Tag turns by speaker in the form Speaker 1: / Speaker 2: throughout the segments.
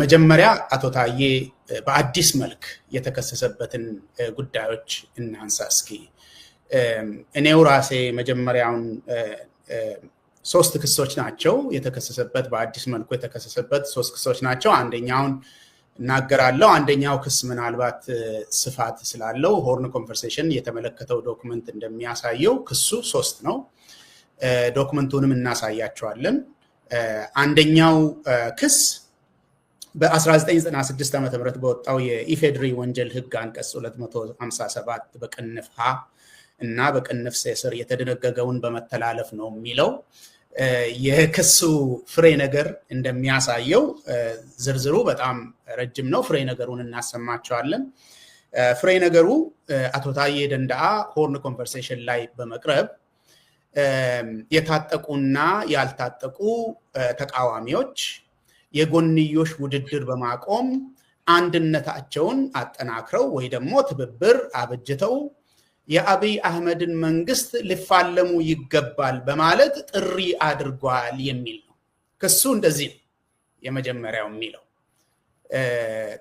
Speaker 1: መጀመሪያ አቶ ታዬ በአዲስ መልክ የተከሰሰበትን ጉዳዮች እናንሳ እስኪ። እኔው ራሴ መጀመሪያውን ሶስት ክሶች ናቸው የተከሰሰበት፣ በአዲስ መልኩ የተከሰሰበት ሶስት ክሶች ናቸው። አንደኛውን እናገራለሁ። አንደኛው ክስ ምናልባት ስፋት ስላለው ሆርን ኮንቨርሴሽን የተመለከተው ዶክመንት እንደሚያሳየው ክሱ ሶስት ነው። ዶክመንቱንም እናሳያቸዋለን። አንደኛው ክስ በ1996 ዓ ም በወጣው የኢፌድሪ ወንጀል ህግ አንቀጽ 257 በቅንፍ ሀ እና በቅንፍ ሴስር ስር የተደነገገውን በመተላለፍ ነው የሚለው የክሱ ፍሬ ነገር እንደሚያሳየው ዝርዝሩ በጣም ረጅም ነው። ፍሬ ነገሩን እናሰማቸዋለን። ፍሬ ነገሩ አቶ ታዬ ደንዳአ ሆርን ኮንቨርሴሽን ላይ በመቅረብ የታጠቁና ያልታጠቁ ተቃዋሚዎች የጎንዮሽ ውድድር በማቆም አንድነታቸውን አጠናክረው ወይ ደግሞ ትብብር አበጅተው የአብይ አህመድን መንግስት ሊፋለሙ ይገባል በማለት ጥሪ አድርጓል የሚል ነው። ክሱ እንደዚህ ነው። የመጀመሪያው የሚለው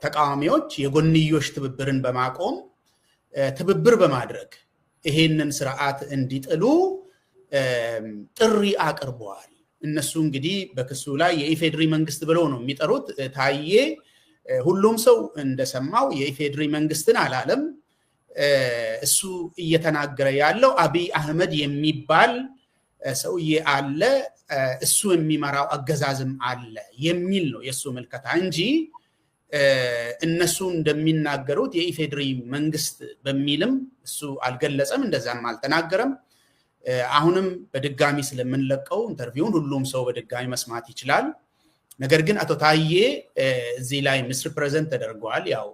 Speaker 1: ተቃዋሚዎች የጎንዮሽ ትብብርን በማቆም ትብብር በማድረግ ይሄንን ስርዓት እንዲጥሉ ጥሪ አቅርበዋል። እነሱ እንግዲህ በክሱ ላይ የኢፌድሪ መንግስት ብለው ነው የሚጠሩት። ታዬ ሁሉም ሰው እንደሰማው የኢፌድሪ መንግስትን አላለም። እሱ እየተናገረ ያለው አቢይ አህመድ የሚባል ሰውዬ አለ፣ እሱ የሚመራው አገዛዝም አለ የሚል ነው የእሱ ምልከታ እንጂ እነሱ እንደሚናገሩት የኢፌድሪ መንግስት በሚልም እሱ አልገለጸም፣ እንደዛም አልተናገረም። አሁንም በድጋሚ ስለምንለቀው ኢንተርቪውን ሁሉም ሰው በድጋሚ መስማት ይችላል። ነገር ግን አቶ ታዬ እዚህ ላይ ፕሬዘንት ተደርገዋል። ያው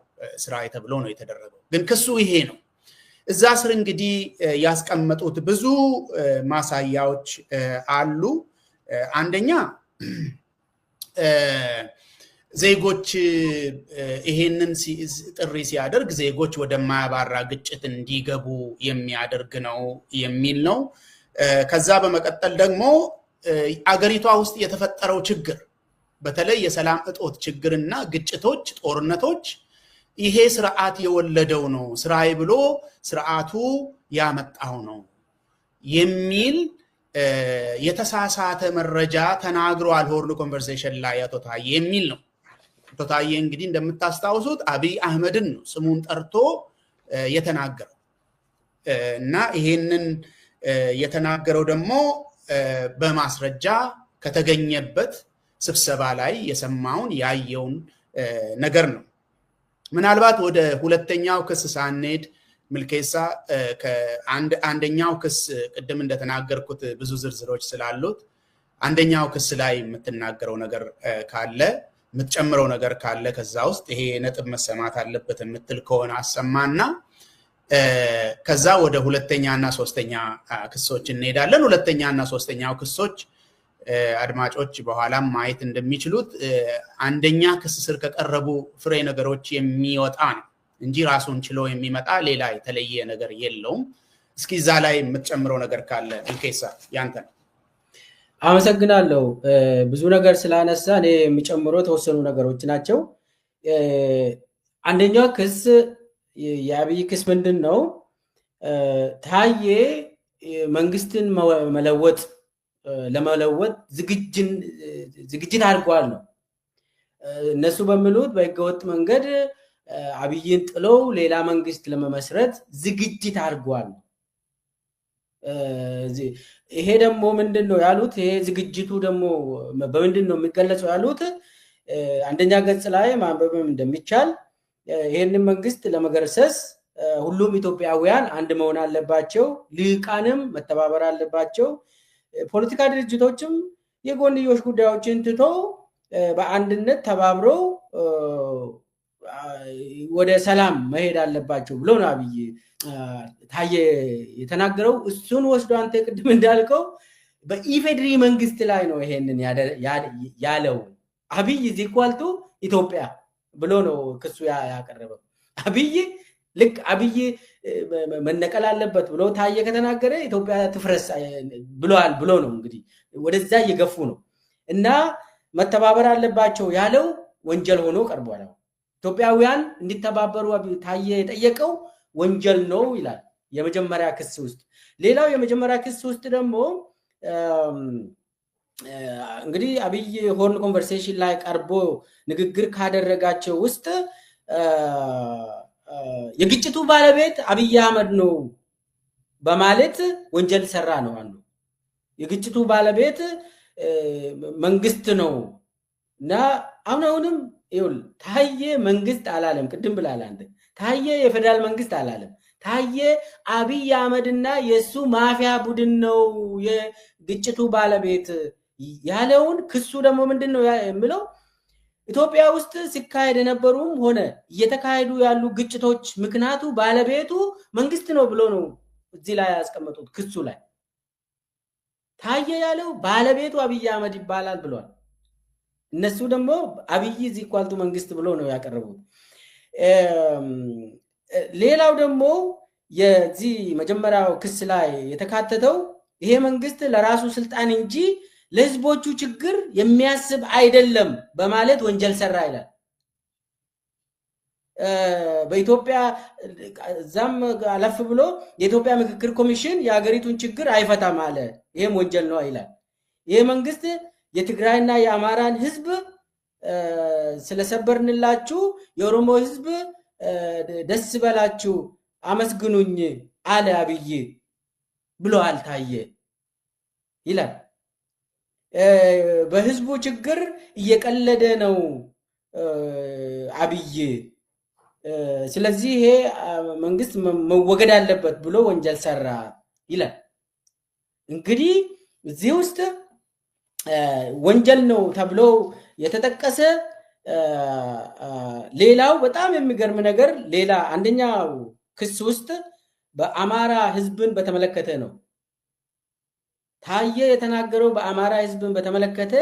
Speaker 1: ስራ ተብሎ ነው የተደረገው። ግን ክሱ ይሄ ነው። እዛ ስር እንግዲህ ያስቀመጡት ብዙ ማሳያዎች አሉ። አንደኛ ዜጎች ይሄንን ጥሪ ሲያደርግ ዜጎች ወደማያባራ ግጭት እንዲገቡ የሚያደርግ ነው የሚል ነው። ከዛ በመቀጠል ደግሞ አገሪቷ ውስጥ የተፈጠረው ችግር በተለይ የሰላም እጦት ችግርና ግጭቶች፣ ጦርነቶች ይሄ ስርዓት የወለደው ነው፣ ስራዬ ብሎ ስርዓቱ ያመጣው ነው የሚል የተሳሳተ መረጃ ተናግረዋል። ሆርን ኮንቨርሴሽን ላይ አቶ ታዬ የሚል ነው። ታዬ እንግዲህ እንደምታስታውሱት አብይ አህመድን ነው ስሙን ጠርቶ የተናገረው እና ይሄንን የተናገረው ደግሞ በማስረጃ ከተገኘበት ስብሰባ ላይ የሰማውን ያየውን ነገር ነው። ምናልባት ወደ ሁለተኛው ክስ ሳንሄድ ምልኬሳ አንደኛው ክስ ቅድም እንደተናገርኩት ብዙ ዝርዝሮች ስላሉት አንደኛው ክስ ላይ የምትናገረው ነገር ካለ የምትጨምረው ነገር ካለ ከዛ ውስጥ ይሄ ነጥብ መሰማት አለበት የምትል ከሆነ አሰማና ከዛ ወደ ሁለተኛ እና ሶስተኛ ክሶች እንሄዳለን። ሁለተኛ እና ሶስተኛው ክሶች አድማጮች በኋላም ማየት እንደሚችሉት አንደኛ ክስ ስር ከቀረቡ ፍሬ ነገሮች የሚወጣ ነው እንጂ ራሱን ችሎ የሚመጣ ሌላ የተለየ ነገር የለውም። እስኪ እዛ ላይ የምትጨምረው ነገር ካለ እንኬሳ ያንተ ነው።
Speaker 2: አመሰግናለሁ። ብዙ ነገር ስላነሳ እኔ የሚጨምሮ የተወሰኑ ነገሮች ናቸው። አንደኛው ክስ የአብይ ክስ ምንድን ነው? ታዬ መንግስትን መለወጥ ለመለወጥ ዝግጅት አድርጓል ነው እነሱ በሚሉት በህገወጥ መንገድ አብይን ጥለው ሌላ መንግስት ለመመስረት ዝግጅት አድርጓል ነው ይሄ ደግሞ ምንድን ነው ያሉት? ይሄ ዝግጅቱ ደግሞ በምንድን ነው የሚገለጸው ያሉት? አንደኛ ገጽ ላይ ማንበብም እንደሚቻል ይህንን መንግስት ለመገርሰስ ሁሉም ኢትዮጵያውያን አንድ መሆን አለባቸው፣ ልሂቃንም መተባበር አለባቸው። ፖለቲካ ድርጅቶችም የጎንዮሽ ጉዳዮችን ትቶ በአንድነት ተባብረው ወደ ሰላም መሄድ አለባቸው ብሎ ነው አብይ ታየ የተናገረው እሱን ወስዶ አንተ ቅድም እንዳልከው በኢፌድሪ መንግስት ላይ ነው ይሄንን ያለው። አብይ ዚኳልቱ ኢትዮጵያ ብሎ ነው ክሱ ያቀረበው። አብይ ልክ አብይ መነቀል አለበት ብሎ ታየ ከተናገረ ኢትዮጵያ ትፍረስ ብለዋል ብሎ ነው እንግዲህ ወደዛ እየገፉ ነው እና መተባበር አለባቸው ያለው ወንጀል ሆኖ ቀርቧል። ኢትዮጵያውያን እንዲተባበሩ ታየ የጠየቀው ወንጀል ነው ይላል የመጀመሪያ ክስ ውስጥ። ሌላው የመጀመሪያ ክስ ውስጥ ደግሞ እንግዲህ አብይ ሆርን ኮንቨርሴሽን ላይ ቀርቦ ንግግር ካደረጋቸው ውስጥ የግጭቱ ባለቤት አብይ አህመድ ነው በማለት ወንጀል ሰራ ነው አንዱ። የግጭቱ ባለቤት መንግስት ነው እና አሁን አሁንም ይኸውልህ ታዬ መንግስት አላለም። ቅድም ብላል አንተ ታየ የፌዴራል መንግስት አላለም። ታየ አብይ አህመድና የእሱ ማፊያ ቡድን ነው የግጭቱ ባለቤት ያለውን ክሱ ደግሞ ምንድን ነው የምለው፣ ኢትዮጵያ ውስጥ ሲካሄድ የነበሩም ሆነ እየተካሄዱ ያሉ ግጭቶች ምክንያቱ ባለቤቱ መንግስት ነው ብሎ ነው እዚህ ላይ ያስቀመጡት ክሱ ላይ ታየ ያለው ባለቤቱ አብይ አህመድ ይባላል ብሏል። እነሱ ደግሞ አብይ ኳልቱ መንግስት ብሎ ነው ያቀረቡት። ሌላው ደግሞ የዚህ መጀመሪያው ክስ ላይ የተካተተው ይሄ መንግስት ለራሱ ስልጣን እንጂ ለህዝቦቹ ችግር የሚያስብ አይደለም በማለት ወንጀል ሰራ ይላል። በኢትዮጵያ እዛም አለፍ ብሎ የኢትዮጵያ ምክክር ኮሚሽን የሀገሪቱን ችግር አይፈታም አለ። ይሄም ወንጀል ነው ይላል። ይሄ መንግስት የትግራይና የአማራን ህዝብ ስለሰበርንላችሁ የኦሮሞ ህዝብ ደስ በላችሁ አመስግኑኝ አለ አብይ ብሎ አልታየ ይላል። በህዝቡ ችግር እየቀለደ ነው አብይ። ስለዚህ ይሄ መንግስት መወገድ አለበት ብሎ ወንጀል ሰራ ይላል። እንግዲህ እዚህ ውስጥ ወንጀል ነው ተብሎ የተጠቀሰ ሌላው በጣም የሚገርም ነገር ሌላ አንደኛው ክስ ውስጥ በአማራ ህዝብን በተመለከተ ነው። ታየ የተናገረው በአማራ ህዝብን በተመለከተ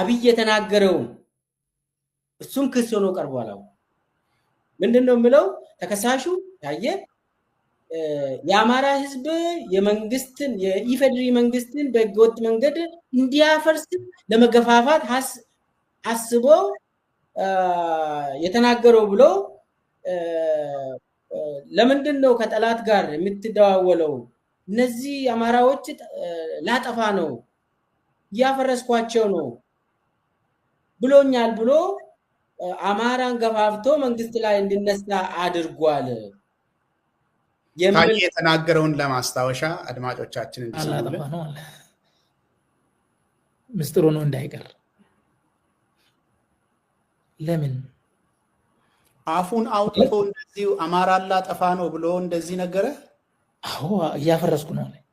Speaker 2: አብይ የተናገረው እሱም ክስ ሆኖ ቀርቧል። አሁን ምንድን ነው የምለው ተከሳሹ ታየ የአማራ ህዝብ የመንግስትን የኢፌድሪ መንግስትን በህገወጥ መንገድ እንዲያፈርስ ለመገፋፋት አስበው የተናገረው ብለው ለምንድን ነው ከጠላት ጋር የምትደዋወለው? እነዚህ አማራዎች ላጠፋ ነው እያፈረስኳቸው ነው ብሎኛል ብሎ አማራን ገፋፍቶ መንግስት ላይ እንዲነሳ አድርጓል።
Speaker 1: ታዬ የተናገረውን ለማስታወሻ አድማጮቻችን
Speaker 2: ምስጢሩ ነው እንዳይቀር ለምን
Speaker 1: አፉን አውጥቶ እንደዚህ አማራ ላጠፋ ነው ብሎ እንደዚህ ነገረ?
Speaker 2: አዎ እያፈረስኩ ነው አለኝ።